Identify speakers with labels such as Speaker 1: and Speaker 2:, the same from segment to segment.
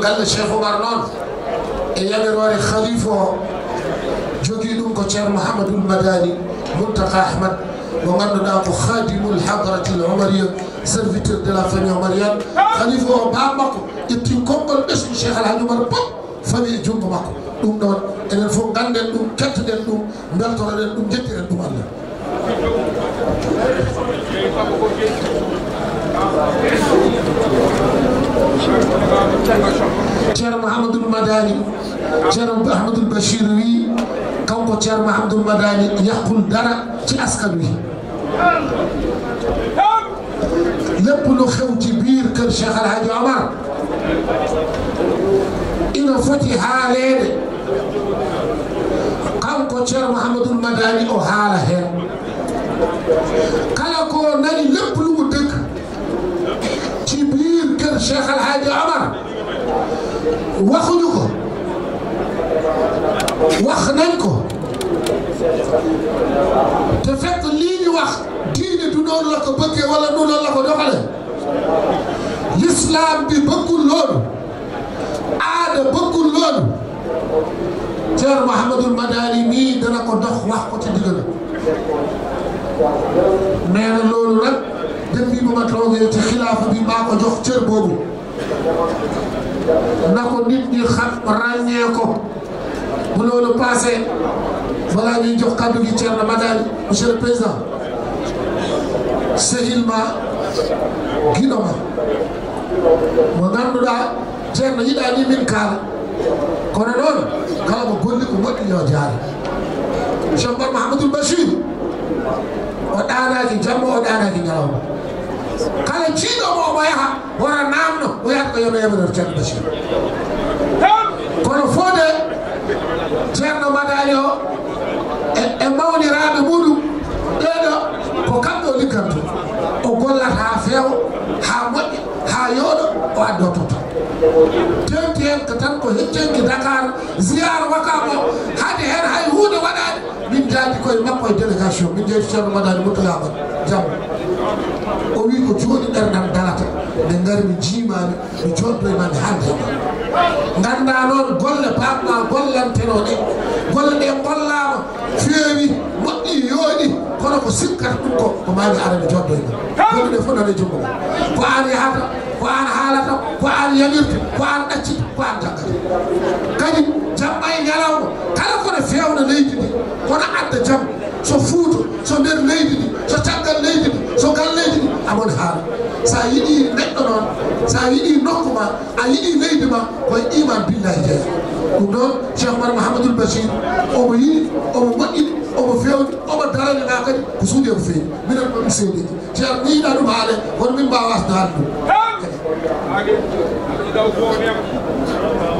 Speaker 1: قال الشيخ عمر نون اي يدروري خليفه جوكي دون كو شير محمد المداني منتقى احمد ومن داو خادم الحضره العمريه سيرفيتور دي لا فامي عمريان خليفه بامكو يتيم كونكل اسم الشيخ الحاج عمر بوب فامي جوم ماكو دوم دون انا فو غاندن دوم كاتدن دوم نالتورن دوم جيتيرن دوم الله ceerno mouhamadoul madani ceerno ahmadoul bachir wi kanko ceerno mouhamadoul madani yàqul dara ci askan wi lépp lu xew ci biir kër Cheikh El Hadj Omar ina foti haaleede kanko ceerno mouhamadoul madani o haala heen kala ko nani lépp lu تبليغ كان الشيخ الحادي عمر واخدوكم واخنانكم تفق لي واخ دين دون لك بكي ولا دون لك دخل الاسلام بي بكل لون عاد بكل لون جار محمد المداري مي دنا كو دخ واخ كو تي دغنا depuis ba ma toogee ci xilaafa bi maa ko jox cër boobu na ko nit ñi xam ràññee ko bu loolu passé balaa ñuy jox kàddu gi Thierno Madani monsieur le président sehil ma guiɗoma mo ngannduɗa ceerno yiɗa ni min kaala kono noon kala mo golli ko moƴƴi yo jaari cheikh bar mahamadoul bachir o ɗanaki jamma o ɗanaki ñalawma kala ciiɗomo omo yaha wora namno o yiyata ko yono yeminor ceerno bachir kono fode ceerno mbaɗani o e mawniraɓe muɗum ɓeɗo ko kamɓe o ligganto o gollat ha feewa ha moƴƴa ha yooɗo o addo toto tenti hen ko tan ko heccenki dakar ziyara wakamo haade hen hay hunde waɗani daadi koye makko e délégation min jeeti ceerno madani mutalaama jam o wi ko jooni ɗernam darata nde ngari mi jiimaami mi jooɗnoymaami haaldema ganda noon golle paamɗa gollanteno ɗe golle ɗe gollaama feewi moƴƴi yooɗi kono ko sikkata ɗum ko ko maami ara mi jooɗnoyma golle ɗe fof nane jummuma ko an yahata ko an haalata ko an yamirta ko an ɗaccita ko an jaggata kadi jamɓay ñalawma kala kono fewna leydi ndi kono adda jaam so fuuto so nder leydi ndi so caggal leydi ndi so ngal leydi ndi amon haala sa yiɗi neɗɗo noon sa yiɗi nokku ma a yiɗi leydi ma koye iman billahi jeeya ɗum noon cheikh mar mahamadoul bachir omo yiɗi omo moƴƴini omo fewni omo darani ma kadi ko suudi omo feewi minen ɗum seediji cheikh mi yiɗa ɗum haale wono min mbawa wasde haalde ɗum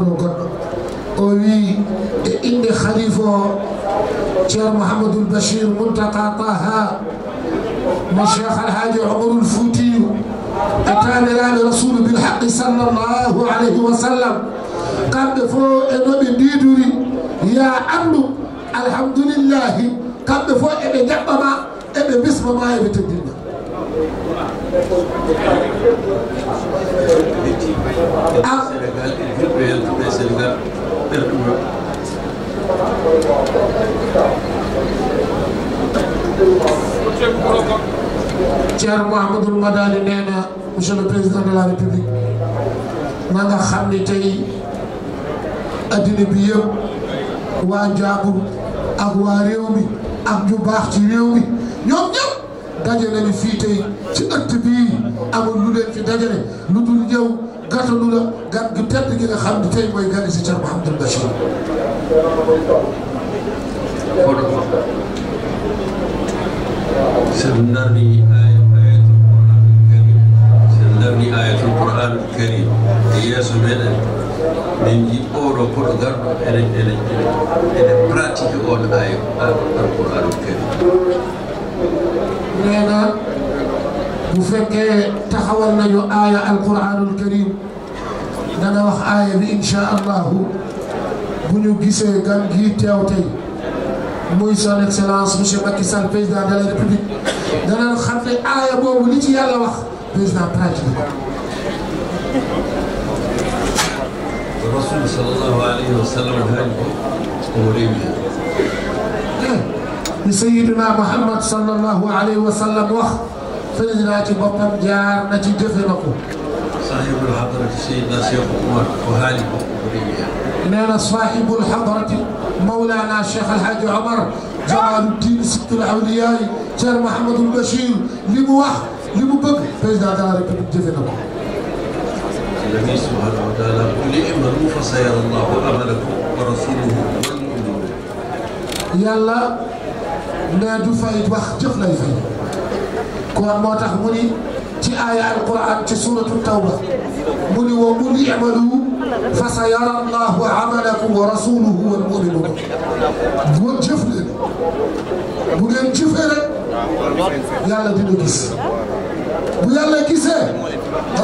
Speaker 1: ceerno goɗɗo o wi e inde khalifa o ceerno mouhamadoul bachir muntaka taha mo cheikh alhaji omarul foutiyu e taniraɗo rasulu bil haqqi sallllahu alayhi wa sallam kamɓe fo e noɓe ndiduri ya andu alhamdulillahi kamɓe fo eɓe jaɓɓama eɓe bismama eɓe teddini ah. Sénégal et virtuel mais Sénégal perpétuel. Thierno Mouhamadou Madani nee na la république na xam ni tey addina bi yëpp waa jaabur mi ak ñu ci réew mi ñoom ñëpp. dajale ni fii tey ci ëtt bii amul lu leen fi dajale lu dul ñëw gàttanu la gan gi tedd gi nga xam ne tey mooy gani si Thierno Mouhamadou Bachir. sëñ Ndar bi. bu ñu gisee gan gi teew tey muy son excellence monsieur Macky Sall président de la république danañ xam ne aaya boobu li ci yàlla wax président pratique ko. rasul sallallahu alayhi wa sallam eh, li sayyidina Muhammad sallallahu alayhi wa sallam wax président ci boppam jaar na ci jëfe na ko. صاحب الحضرة سيدنا شيخ عمر وهالي مقبولية نانا صاحب الحضرة مولانا الشيخ الحاج عمر جمال الدين ست الأولياء شير محمد البشير لموح لمبك فإذا ذلك الله النبي سبحانه وتعالى قل امروا فسيرى الله عملكم ورسوله والمؤمنون يلا نادو فايد وخ جف لاي فاي كون موتاخ موني في آية القرآن في سورة التوبة من ومن يعملوا فسيرى الله عملكم ورسوله والمؤمنون من جفل من جفل يا الله دين الجس يا الله كيسة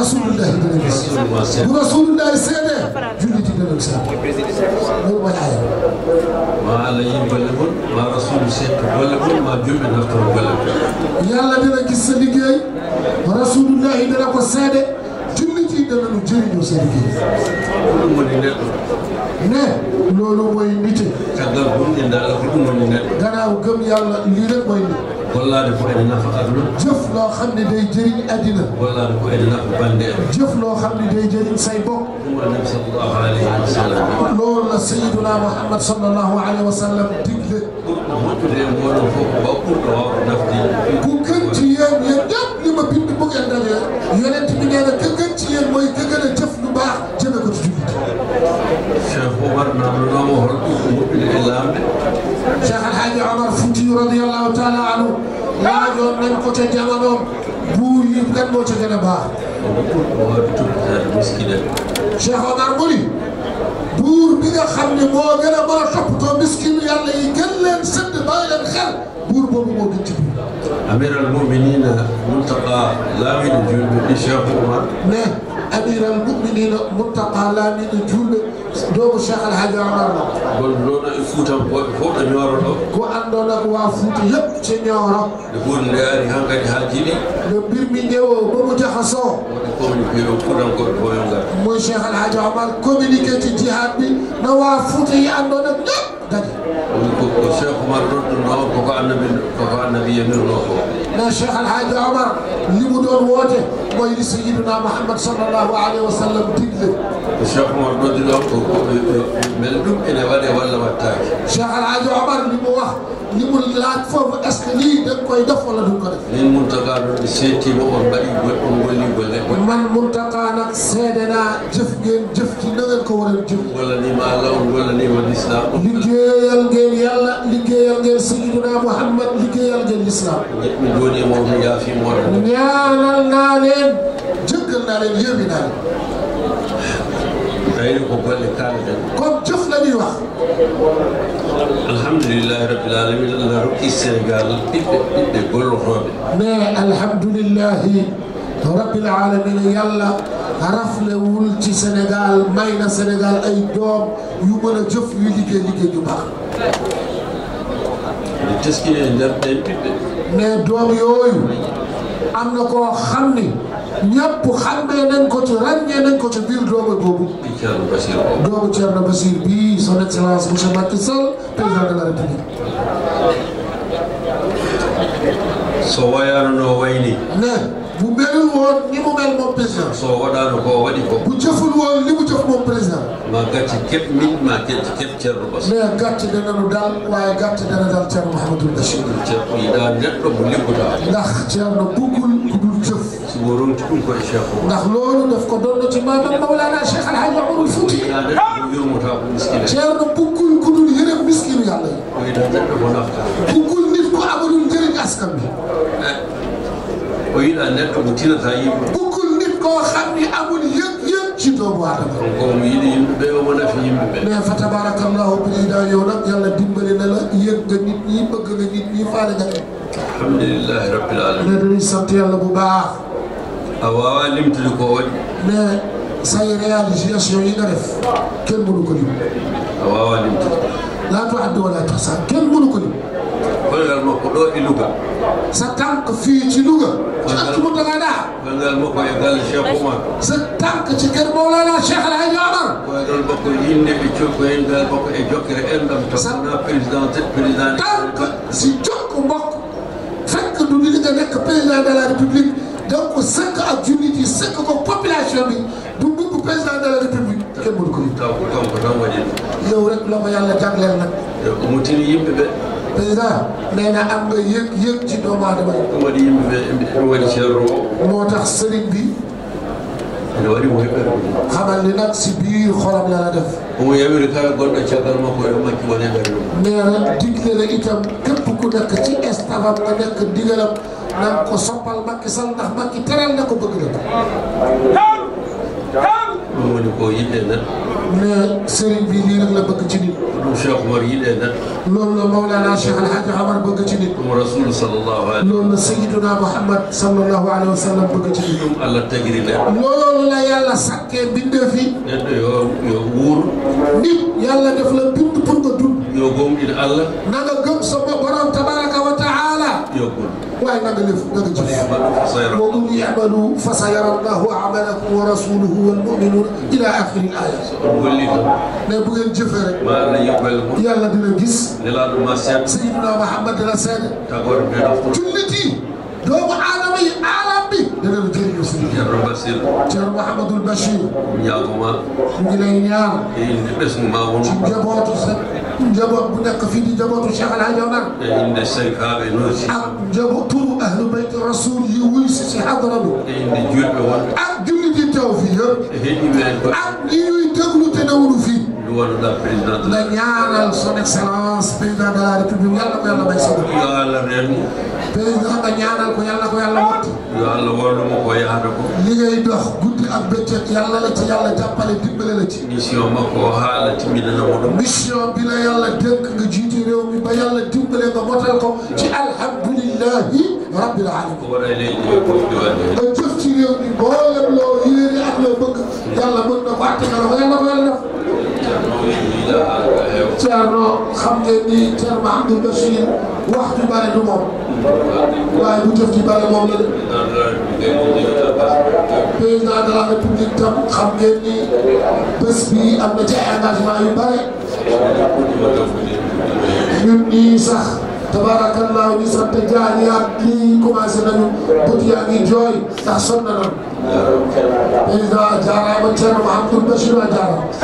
Speaker 1: رسول الله دين الجس رسول الله سيده جلدي دين الجس yàlla yëngalagul maa rasul seet wallagul maa julli naftam wallagul. yàlla dina dana ko seede jullit yi dana nu jëriñoo loolu moo di nekk. ne loolu mooy nite. gannaaw gëm yàlla lii wallaade ko ene nafa aduna jëf loo xam ne day jëriñ adina wallaade ko ene nafa bande am jëf loo xam ne day jëriñ say bokk loolu la sayiduna muhammad sallallahu alayhi wa sallam digle ku gën ci yéen yéen ñëpp li ma bind bu ngeen dalee yonent bi nee na ka gën ci yéen mooy ka gën a jëf lu baax jëme ko ci شيخ عمر نعملنا مهرتكم بالإعلام نعم. شيخ الحاج عمر فوتي رضي الله تعالى عنه لا جون من كنت جمالهم بور يبقى موت جنبا شيخ عمر بولي بور بيغا خمني مو غنا ما توبتو مسكين يالا يجلن سد بايلن خل بور بوبو مو دتي امير المؤمنين منتقى لامين جولبي شيخ عمر نعم امير المؤمنين منتقى من جولبه دوم شيخ الحاج عمر لا بلونا فوتام وبه فوت نيورو كو اندونا كو فوت ييب سي نيورو بون داري هان كادي حاجيني بير مي نيو بومو جاخاسو مو شيخ الحاج عمر كومينيكيتي جهاد بي نوا فوت يي اندونا ييب دادي ko Cheikh Oumar tottundoo ko ko annabi ko ko annabi yamirnoo ko na Cheikh Alhaji Omar li mu doon woote mooy li Sayyidina Muhammad sallallahu alayhi wa sallam digle Cheikh Oumar tottundoo ko eh, eh, mel ɗum ene waɗe walla wattaake Cheikh Alhaji Omar li mu wax li mu laaj foofu est ce que lii da koy def wala du ko def min Mountaga noon ɗi seettiima on mbaɗi on golli golle man Mountaga nag seede naa jëf ngeen jëf ci na ngeen ko war a jëf walla ni ma Allah on walla ni ma l'islam liggéeyal ngeen yàlla liggéeyal ngeen sayyiduna Muhammad liggéeyal ngeen lislaam. ñëpp ñu doon yee moom yaa fi mu war a. ñaanal naa leen jëggal naa leen yéemi naa leen. day ko golle kaala den. kon jëf la ñuy wax. alhamdulillahi rabbil alamin allah rokki Sénégal ɓiɓɓe ɓiɓɓe gollotoɓe. mais alhamdulillahi rabbil alamin yàlla. raflewul ci Sénégal may na Sénégal ay doom yu mën a jëf yu liggéey liggéey ju baax. li tës ki mais doom yooyu am na koo xam ni ñëpp xàmmee nañ ko ci ràññee nañ ko ci biir doomu boobu. Thierno Bachir doomu Thierno Bachir bii son excellence monsieur Macky Sall président de la République. so wayaano no wayni. ne. bu melul woon ni mu mel moom président. so waɗaano ko waɗi ko. bu jëful woon li mu jëf moom président. ma gàcce képp nit ma gàcce képp Thierno Bass. mais gàcce dana nu daal waaye gàcce dana daal Thierno Mouhamadou Bachir. Thierno yi daal neɗɗo mo liggoɗaa. ndax Thierno buggul ku dul jëf. si waroon ci ɗum koye Cheikh o. ndax loolu daf ko doon ci maanaam Mawlana Cheikh Al Hadj Oumar Fouti. yurmotaa ko miskine. Thierno buggul ku dul yërëm miskine yàlla yi. koye daal neɗɗo mo naftaa. buggul nit ko amadul njëriñ askan bi. Eh, o yiɗa neɗɗo mo tinata yimɓe ɓukkol ndikko hanni amoni yek yek jidomo adama ko mi yiɗi yimɓeɓe omo nafi yimɓeɓe mais fa tabarakallahu président yow nak yalla dimbali nela yegga nit ñi bëgg nga nit ñi faale nga leen alhamdulillahi rabbil alamin ne dañuy sant yalla bu baax a wawa limtude ko waɗi mais say réalisation yi nga def kenn mënu ko lim a wawa limtude la tu addu wala tahsa kenn ko ɗo sa tank fi tan ko fii ci luga ci attuma tagaɗa galgal makko e galle cheikh omar sa tank ko ci ker mawlana cheikh alhaji omar koye ɗon makko bi ɓe ko hen gal makko e eh, jokkere enɗam tona président président tan tank ci jokko makko fekk du ligga nek président de la republique donc sank ak unity sank ko population bi du mbubbu président de la république ken mo ko taw taw ko tan waɗi yow rek la ko yàlla nak mo tini yimɓe be day naa nee na am nga yëg-yëg ci doomu aadama yi. waɗi yimɓe ɓe moo tax sëriñ bi ene waɗi mo si biir xolam la la def omo yawiri kala gonɗo caggal makko e makki woni heɓɓere ɗum nee na ku nekk ci estafam nga nekk ndigalam nan ko soppal Macky Sall ndax Macky teral na ko bëgg na ko lu mu ni koo yittee nag. ne sëriñ bi lii rek la bëgg ci nit. lu Cheikh Umar yittee nag. loolu la Mawlana Cheikh El Hadj Omar bëgg ci nit. mu rasul sallallahu alayhi. loolu la Sayyiduna Muhammad sallallahu alayhi wa sallam bëgg ci nit. ñoom Allah tegri leen. loolu la yàlla sàkkee bindee fi. ne te yoo yoo wuur. nit yàlla def la bind pour nga dund. yoo gëm in Allah. na nga gëm sa والله ناقا فسيرى الله أعمالكم ورسوله والمؤمنون إلى آخر الآية يا الجفر سيدنا محمد لا سيد جلتي دوم عالمي عالمي Jabra Basir Ceerno Mahamadul Bachir ñaanuma ñu ngi lay ñaan indi bés mu maawul ci njabootu sa njaboot bu nekk fii di njabootu Cheikh El Hadj Omar e inde senkaaɓe noosi ak njabootu ahlu bayt rasul yi wuy si si hadara bi e inde julɓe wonɓe ak julli di teew fii yëpp e heƴiɓe ak ñi ñuy déglu te newlu fii wonda président na ñaanal son excellence président de la république yàlla ko yàlla may sa yàlla ren président nga ñaanal ko yàlla ko yàlla mott yàlla wàllu ma ko yaada ko li ngay dox guddi ak bëccëg yàlla la ci yàlla jàppale dimbale la ci mission ma ko haala timmina na mo ɗum mission bi la yàlla dénk nga jiite réew mi ba yàlla dimbale nga motal ko ci alhamdulillahi rabbil alamin ko waɗa leydi e pofɗi wadde nga jëf ci réew mi mboolem loo yéene ak loo bëgg yàlla mën na ko atte nga la ko yàlla ko yàlla def Cerno xam ngeen ni Cerno Abdou Bachir wax ju bare du moom waaye bu jëf ju bare moom la de président de la république tam xam ngeen ni bés bi am na ci ay engagement yu bare ñun ñii sax tabaarakallaahu ñu sant jaaliyaat lii commencé nañu bët yaa ngi jooy ndax sonn nañu président jaaraama Cerno Abdou Bachir a jaaraama